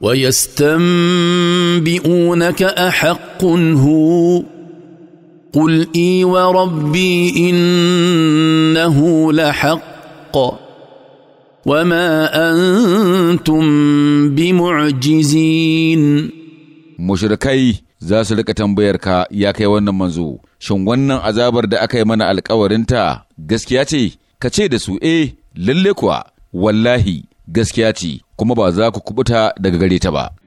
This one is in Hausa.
ويستنبئونك احق هو قل اي وربي انه لحق وما انتم بمعجزين مشركي za su rika tambayarka ya kai wannan manzo shin wannan azabar da aka yi mana alkawarinta gaskiya ce ka ce da su eh lalle kuwa wallahi gaskiya ce kuma ba za ku kubuta daga gare ta ba